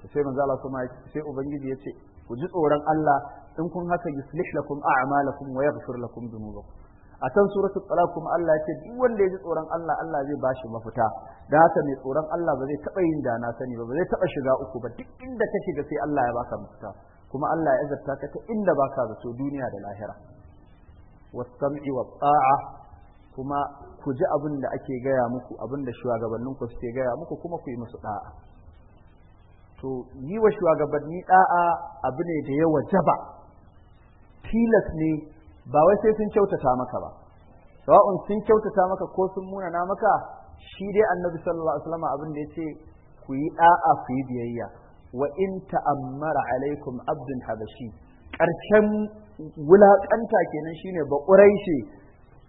to sai manzo Allah kuma sai ubangiji ya ce ku ji tsoron Allah in kun haka yuslih lakum a'malakum wa yaghfir lakum dhunubakum a can suratul talaq kuma Allah ya ce duk wanda ya ji tsoron Allah Allah zai bashi mafita da haka mai tsoron Allah ba zai taba yin dana sani ba ba zai taba shiga uku ba duk inda ka shiga sai Allah ya baka mafita kuma Allah ya azabta ka ta inda ba baka zato duniya da lahira wasam'i wa ta'a kuma ku ji abin da ake gaya muku abin da shugabannin ku suke gaya muku kuma ku yi musu da'a to yi wa shugabanni da'a abu ne da yawa jaba tilas ne ba wai sai sun kyautata maka ba sawa'un sun kyautata maka ko sun muna na maka shi dai annabi sallallahu alaihi wasallam abin da yace ku yi da'a ku yi biyayya wa in ta'ammara alaikum abdun habashi ƙarshen wulaƙanta kenan shine ba ƙuraishe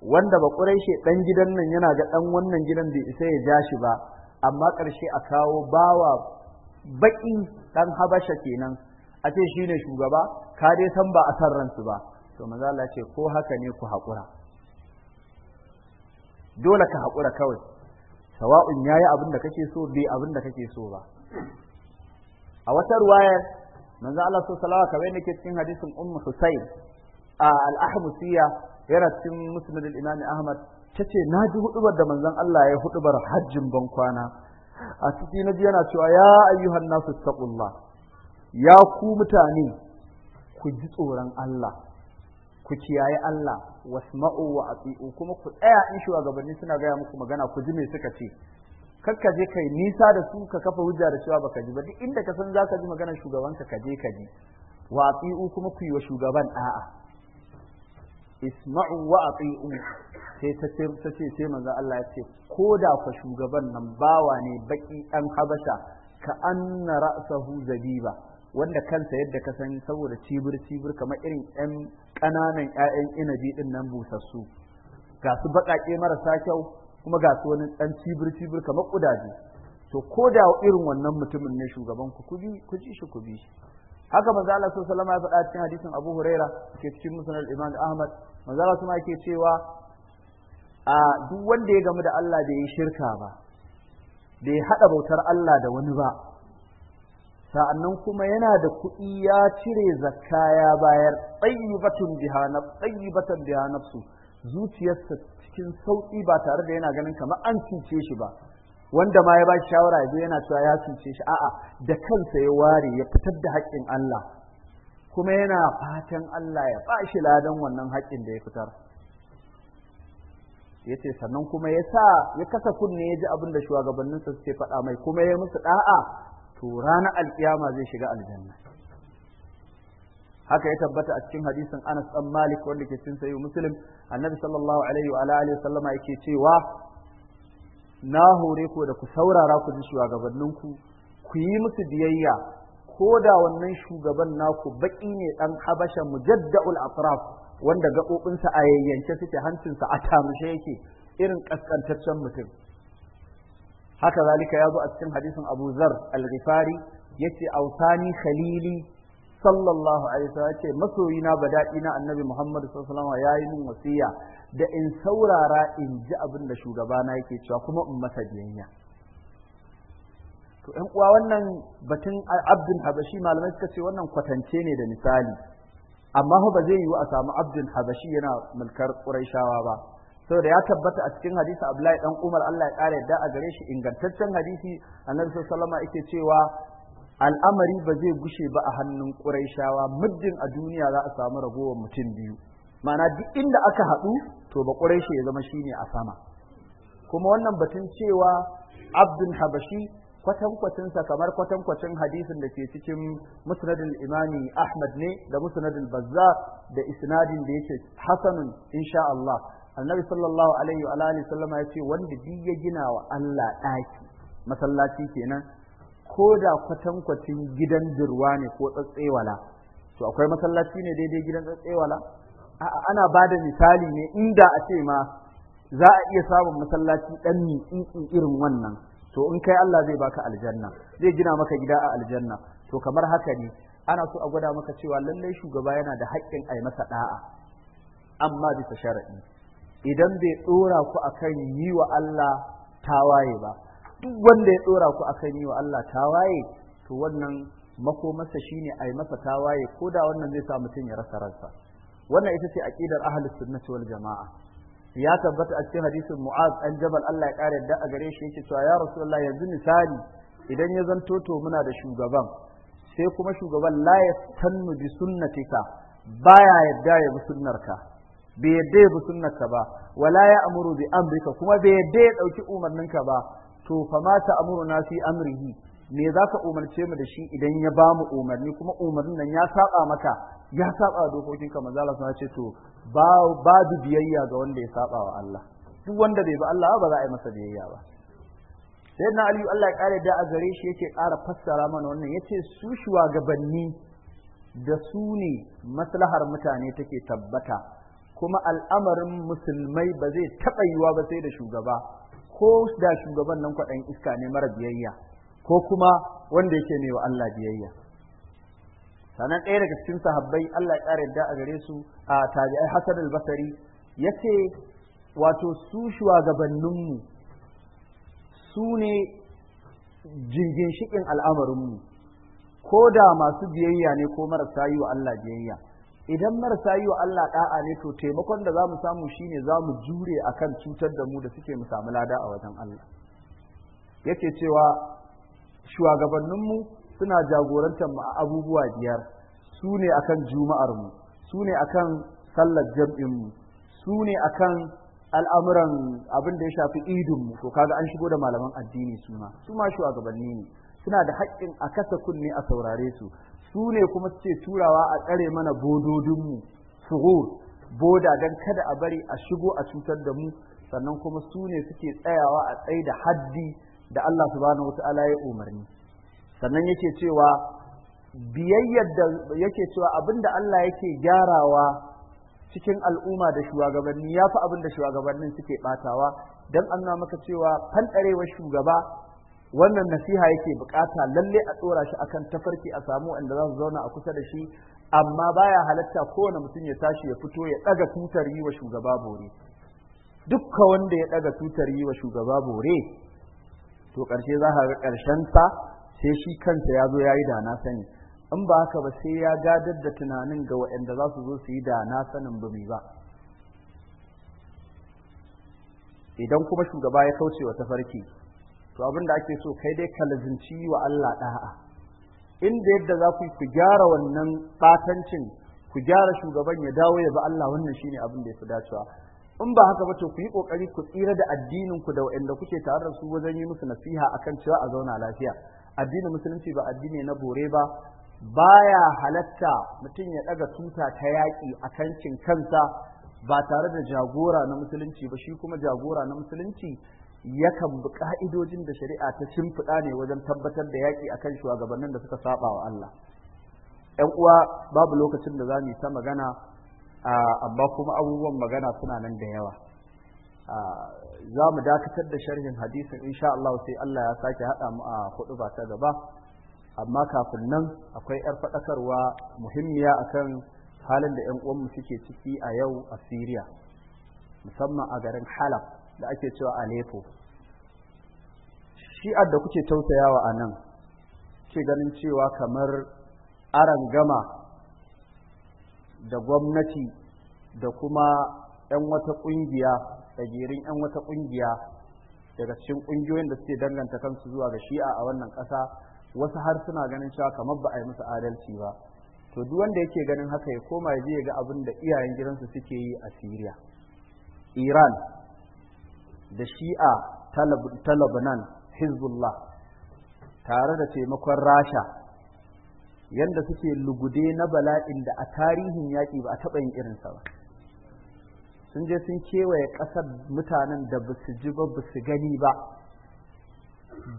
wanda ba ƙuraishe ɗan gidan nan yana ga ɗan wannan gidan bai isa ya ja shi ba amma ƙarshe a kawo bawa baƙi ɗan habasha kenan a ce shine shugaba ka dai san ba a san ransu ba to maza ce ko haka ne ku haƙura dole ka haƙura kawai sawa'un yayi abin da kake so bai abin da kake so ba a wata ruwayar manzo Allah sallallahu alaihi wasallam kamar yake cikin hadisin ummu husayn al-ahmusiyya yana cikin musnad al-imam ahmad tace naji hudubar da manzon Allah ya hudubar hajjin bankwana. kwana a cikin naji yana cewa ya ayyuhan nasu taqullah ya ku mutane ku ji tsoron Allah ku kiyaye Allah wasma'u wa ati'u kuma ku tsaya in shugabanni suna gaya muku magana ku ji me suka ce kakka je kai nisa da su ka kafa hujja da cewa baka ji ba duk inda ka san zaka ji maganar shugabanka ka je ka ji wa ati'u kuma ku yi wa shugaban a'a isma'u wa ati'u sai ta ce ta ce sai manzo Allah ya ce ko da fa shugaban nan bawa ne baki dan habasha ka anna ra'sahu zabiba wanda kansa yadda ka san saboda cibir cibir kamar irin yan kananan ƴaƴan inabi din nan busassu ga su baƙaƙe marasa kyau kuma ga su wani ɗan cibir cibir kamar kudaje to ko da irin wannan mutumin ne shugaban ku ku ji shi ku bi haka manzo Allah sallallahu alaihi ya faɗa cikin hadisin Abu Huraira ke cikin musnad Imam Ahmad manzo Allah kuma yake cewa a duk wanda ya gamu da Allah da ya shirka ba da ya hada bautar Allah da wani ba sa'annan kuma yana da kuɗi ya cire zakka ya bayar tsayyibatun biha nafsu zuciyarsa cikin sauƙi ba tare da yana ganin kamar an cuce shi ba wanda ma ya ba shawara yaje yana cewa ya cuce shi a'a da kansa ya ware ya fitar da haƙƙin Allah kuma yana fatan Allah ya ba shi ladan wannan haƙƙin da ya fitar ya ce sannan kuma ya sa ya kasa kunne ya ji abin da shugabanninsa suke faɗa mai kuma ya musu ɗa'a to ranar alƙiyama zai shiga aljanna haka ya tabbata a cikin hadisin Anas dan Malik wanda ke cikin sayyid Muslim annabi sallallahu alaihi wa alihi sallama yake cewa na hore ku da ku saurara ku ji shugabannin ku ku yi musu biyayya ko da wannan shugaban naku baki ne dan habasha mujadda'ul atraf wanda gaɓoɓinsa a yayyance suke hancinsa a tamushe yake irin ƙasƙantaccen mutum haka zalika ya zo a cikin hadisin abu zar al-ghifari yace ausani khalili sallallahu alaihi wasallam ce masoyina ba daɗi na annabi Muhammad sallallahu alaihi wasallam yayi min wasiya da in saurara in ji abin da shugabana yake cewa kuma in masa biyayya to ɗan uwa wannan batun abdul habashi malamai suka ce wannan kwatance ne da misali amma ba zai yiwu a samu abdul habashi yana mulkar ƙuraishawa ba saboda ya tabbata a cikin hadisi abdullahi dan umar Allah ya kare da a gare shi ingantaccen hadisi annabi sallallahu alaihi wasallam yake cewa al'amari ba zai gushe ba a hannun ƙuraishawa muddin a duniya za a samu ragowar mutum biyu ma'ana duk inda aka haɗu to ba ƙuraishe ya zama shine a sama kuma wannan batun cewa abdul habashi kwatankwacinsa kamar kwatankwacin hadisin da ke cikin musnadul imami ahmad ne da musnadul bazza da isnadin da yake hasanun insha Allah annabi sallallahu alaihi wa alihi sallama ya ce wanda duk ya gina wa Allah ɗaki masallaci kenan ko da kwatankwacin gidan dirwa ne ko tsatsewala to akwai masallaci ne daidai gidan tsatsewala ana ba da misali ne inda a ce ma za a iya samun masallaci ɗan in irin wannan to in kai Allah zai baka aljanna zai gina maka gida a aljanna to kamar haka ne ana so a gwada maka cewa lallai shugaba yana da haƙƙin a yi masa ɗa'a amma bisa sharai idan bai ɗora ku akan yi wa Allah tawaye ba duk wanda ya dora ku akan yi wa Allah tawaye to wannan makomarsa shine a yi masa tawaye ko da wannan zai sa mutum ya rasa ransa wannan ita ce aqidar ahlus sunnati wal jamaa ya tabbata a cikin hadisin mu'az an jabal Allah ya kare da a gare shi yake cewa ya rasulullahi yanzu misali idan ya zanto to muna da shugaban sai kuma shugaban la yastannu bi sunnatika baya yadda ya bi sunnarka bai yadda ya bi sunnarka ba wala ya amuru bi amrika kuma bai yadda ya dauki umarninka ba to fa ma ta'muruna fi amrihi me za ka umarce mu da shi idan ya ba mu umarni kuma umarnin nan ya saba maka ya saba dokokin ka manzo Allah ce to ba babu biyayya ga wanda ya saba wa Allah duk wanda bai ba Allah ba za a yi masa biyayya ba sai na aliyu Allah ya kare da a gare shi yake ƙara fassara mana wannan yace su shugabanni da su ne maslahar mutane take tabbata kuma al'amarin musulmai ba zai taɓa yiwa ba sai da shugaba ko da shugaban nan kwaɗan iska ne mara biyayya ko kuma wanda yake ne wa Allah biyayya sanan ɗaya daga cikin sahabbai Allah ya ƙara yadda a gare su a tabi'ai Hassan al-Basri yace wato su mu su ne jingin shikin mu ko da masu biyayya ne ko marasa yi wa Allah biyayya idan marasa yi wa Allah ɗa'a ne to taimakon da za mu samu shi ne za mu jure a kan cutar da mu da suke mu samu lada a wajen Allah yake cewa shugabanninmu suna jagorantar mu a abubuwa biyar su ne a juma'ar mu su ne a kan sallar jam'inmu, su ne a kan al'amuran abin da ya shafi idin mu to kaga an shigo da malaman addini su ma su ma shugabanni ne suna da haƙƙin a kasa kunne a saurare su su ne kuma suke turawa a tsare mana bododinmu suhur boda don kada a bari a shigo a cutar da mu sannan kuma su ne suke tsayawa a tsaye da haddi da Allah subhanahu wata'ala ya umarni sannan yake cewa biyayyar da yake cewa abinda Allah yake gyarawa cikin al'umma da shugabanni ya fi abin da shugabannin suke batawa don an na maka cewa fanɗarewar shugaba wannan nasiha yake bukata lalle a tsora shi akan tafarki a samu inda za su zauna a kusa da shi amma baya halatta kowane mutum ya tashi ya fito ya daga tutar yi wa shugaba bore dukka wanda ya daga tutar yi wa shugaba bore to karshe za ka ga karshen sa sai shi kansa ya zo ya yi da na sani in ba haka ba sai ya gadar da tunanin ga waɗanda za su zo su yi da na sanin ba ba idan kuma shugaba ya kauce wa tafarki to abin da ake so kai dai ka lazinci wa Allah da'a inda yadda za ku ku gyara wannan batancin ku gyara shugaban ya dawo ya ba Allah wannan shine abin da ya fi dacewa in ba haka ba to ku yi kokari ku tsira da addinin ku da waɗanda kuke tare da su wajen yi musu nasiha akan cewa a zauna lafiya addinin musulunci ba addini na bore ba baya halatta mutum ya ɗaga tuta ta yaƙi akan cin kansa ba tare da jagora na musulunci ba shi kuma jagora na musulunci yakan bi ka'idojin da shari'a ta shimfiɗa ne wajen tabbatar da yaƙi akan shugabannin da suka saba wa Allah ‘yan uwa babu lokacin da za mu ta magana amma kuma abubuwan magana suna nan da yawa za mu dakatar da sharhin hadisin insha Allah sai Allah ya sake haɗa mu a hudu ba ta gaba amma kafin nan akwai ‘yar faɗakarwa muhimmiya akan halin da ‘yan uwanmu suke ciki a yau a Siriya musamman a garin Halab da ake cewa Aleppo shi'ar da kuke tausayawa a nan ke ganin cewa kamar aran gama da gwamnati da kuma 'yan wata ƙungiya tsagirin 'yan wata ƙungiya daga cikin ƙungiyoyin da suke danganta kansu zuwa ga shi'a a wannan ƙasa wasu har suna ganin cewa kamar ba a yi musu adalci ba to duk wanda yake ganin haka ya koma ya je ga abin da iyayen gidansu suke yi a Siriya Iran da shi'a ta Lebanon Hezbollah tare da taimakon Rasha yadda suke lugude na bala'in da a tarihin yaƙi ba a taɓa yin irinsa ba sun je sun kewaye ƙasar mutanen da ba su ji ba ba su gani ba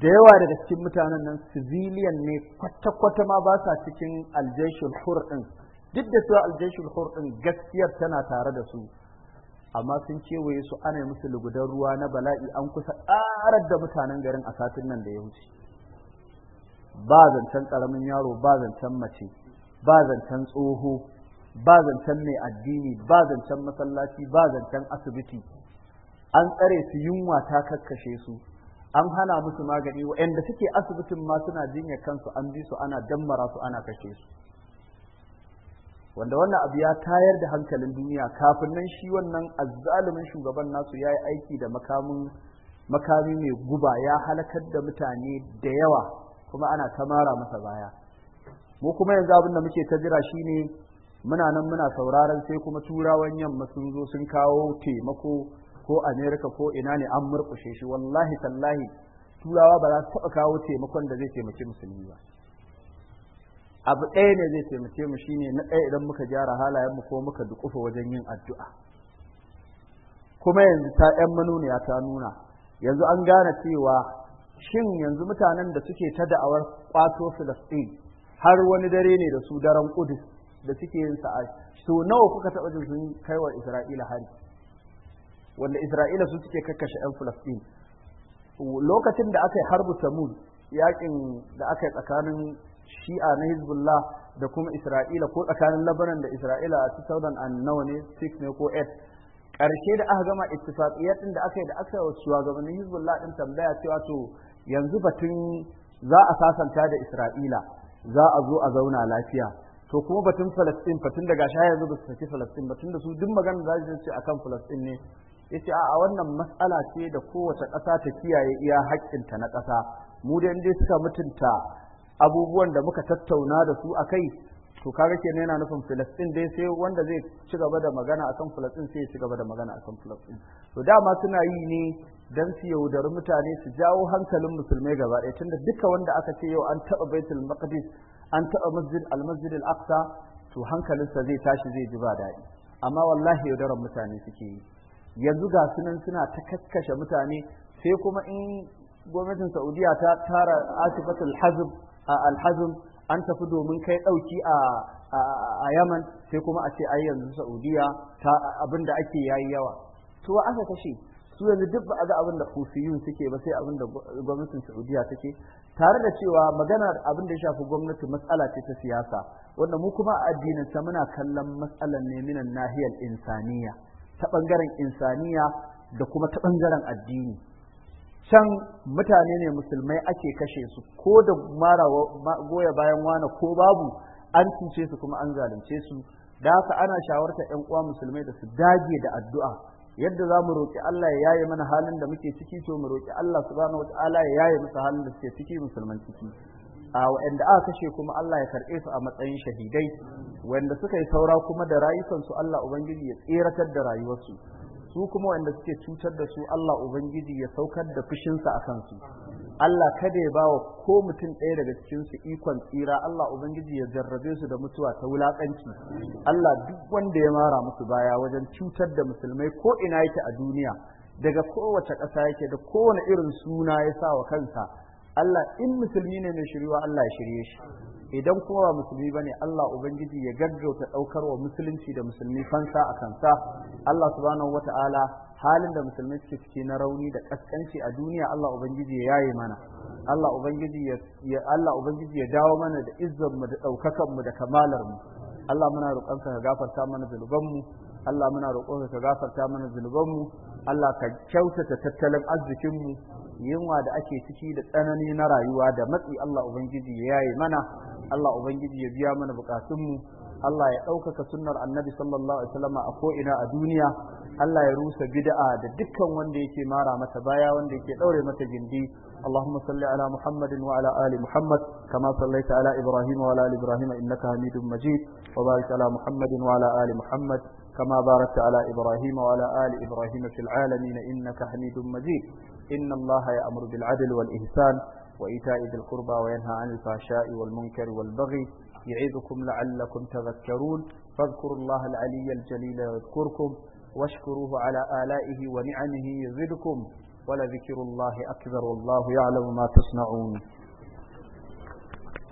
da yawa daga cikin mutanen nan civilian ne kwata-kwata ma ba sa cikin aljeshul hur ɗin duk da su aljeshul hur ɗin gaskiyar tana tare da su amma sun kewaye su ana musu lugudan ruwa na bala'i an kusa ƙarar da mutanen garin a satin nan da ya wuce ba zancen ƙaramin yaro ba zancen mace ba zancen tsoho ba zancen mai addini ba zancen masallaci ba zancen asibiti an tsare su yunwa ta kakkashe su an hana musu magani waɗanda suke asibitin ma suna jinya kansu an bi su ana dammara su ana kashe su wanda wannan abu ya tayar da hankalin duniya kafin nan shi wannan azzalumin shugaban nasu ya yi aiki da makamin makami mai guba ya halakar da mutane da yawa kuma ana ta mara masa baya mu kuma yanzu abin da muke ta jira ne muna nan muna sauraron sai kuma turawan yamma sun zo sun kawo taimako ko amerika ko ina ne an murkushe shi wallahi tallahi turawa ba za su taɓa kawo taimakon da zai taimaki musulmi ba abu ɗaya ne zai taimake mu shine na ɗaya idan muka gyara halayen mu ko muka dukufa wajen yin addu'a kuma yanzu ta ɗan manuniya ta nuna yanzu an gane cewa shin yanzu mutanen da suke ta da'awar kwato Filistin har wani dare ne da su daren Kudus da suke yin sa'a so nawa kuka taɓa jin sun kai wa Isra'ila hari wanda Isra'ila su suke kakkashe 'yan Filistin lokacin da aka yi harbu Tamud yakin da aka yi tsakanin shi'a na hezbollah da kuma isra'ila ko tsakanin labaran da isra'ila a 2000 nawa ne 6 ne ko 8 ƙarshe da aka gama ittifaqiyar din da aka yi da aka yi shugabannin hezbollah din tambaya cewa to yanzu batun za a sasanta da isra'ila za a zo a zauna lafiya to kuma batun falastin batun daga sha yanzu ba su saki falastin batun da su duk magana za su ce akan falastin ne yace a wannan matsala ce da kowace ƙasa ta kiyaye iya haƙƙinta na ƙasa mu dai dai suka mutunta abubuwan da muka tattauna da su a kai to kaga ke yana nufin filastin dai sai wanda zai ci gaba da magana akan filastin sai ya ci gaba da magana akan filastin to dama suna yi ne dan su yaudari mutane su jawo hankalin musulmai gaba ɗaya tunda duka wanda aka ce yau an taɓa Baitul Maqdis an taɓa Masjid Al-Masjid Al-Aqsa to hankalinsa zai tashi zai ji ba daɗi amma wallahi yaudaran mutane suke yi yanzu ga sunan suna ta kakkashe mutane sai kuma in gwamnatin Saudiya ta tara asibatul hazb a alhazm an tafi domin kai ɗauki a a yaman sai kuma a ce ai yanzu saudiya ta abin ake yayi yawa to aka kashe su yanzu duk ba a ga abin da suke ba sai abin da gwamnatin saudiya take tare da cewa magana abin da ya shafi gwamnati matsala ce ta siyasa wanda mu kuma a addinin sa muna kallon matsalan ne minan nahiyar insaniya ta bangaren insaniya da kuma ta bangaren addini can mutane ne musulmai ake kashe su ko da mara goya bayan wana ko babu an cuce su kuma an zalunce su da haka ana shawarta 'yan uwa musulmai da su dage da addu'a yadda za mu roƙi Allah ya yaye mana halin da muke ciki to mu roƙi Allah subhanahu wata'ala ya yaye musu halin da suke ciki musulman ciki a wa'anda aka kashe kuma Allah ya karɓe su a matsayin shahidai wanda suka yi saura kuma da rayukansu Allah ubangiji ya tseratar da rayuwarsu su kuma wanda suke cutar da su Allah Ubangiji ya saukar da fushinsa a kansu Allah kada ya ba wa ko mutum ɗaya daga cikin su ikon tsira Allah Ubangiji ya jarrabe su da mutuwa ta wulakanci Allah duk wanda ya mara musu baya wajen cutar da musulmai ko ina yake a duniya daga kowace ƙasa yake da kowane irin suna ya sa wa kansa Allah in musulmi ne mai shiriwa Allah ya shirye shi idan kuma ba musulmi ne Allah ubangiji ya gaggauta daukar wa musulunci da musulmi fansa a kansa Allah subhanahu wataala halin da musulmi suke ciki na rauni da kaskanci a duniya Allah ubangiji ya yaye mana Allah ubangiji ya Allah ubangiji ya dawo mana da izzar mu da daukakan mu da kamalar mu Allah muna roƙon ka gafarta mana zunubanmu Allah muna roƙon ka gafarta mana zunubanmu Allah ka kyautata tattalin arzikinmu yunwa da ake ciki da tsanani na rayuwa da matsi Allah Ubangiji ya yaye mana Allah Ubangiji ya biya mana bukatunmu Allah ya ɗaukaka sunnar annabi sallallahu alaihi wasallam a ko'ina a duniya Allah ya rusa bid'a da dukkan wanda yake mara mata baya wanda yake ɗaure mata gindi اللهم صل على محمد وعلى آل محمد كما صليت على إبراهيم وعلى آل إبراهيم إنك حميد مجيد وبارك على محمد وعلى آل محمد كما باركت على إبراهيم وعلى آل إبراهيم في العالمين إنك حميد مجيد إن الله يأمر بالعدل والإحسان وإيتاء ذي القربى وينهى عن الفحشاء والمنكر والبغي يعظكم لعلكم تذكرون فاذكروا الله العلي الجليل يذكركم واشكروه على آلائه ونعمه يزدكم ولذكر الله أكبر والله يعلم ما تصنعون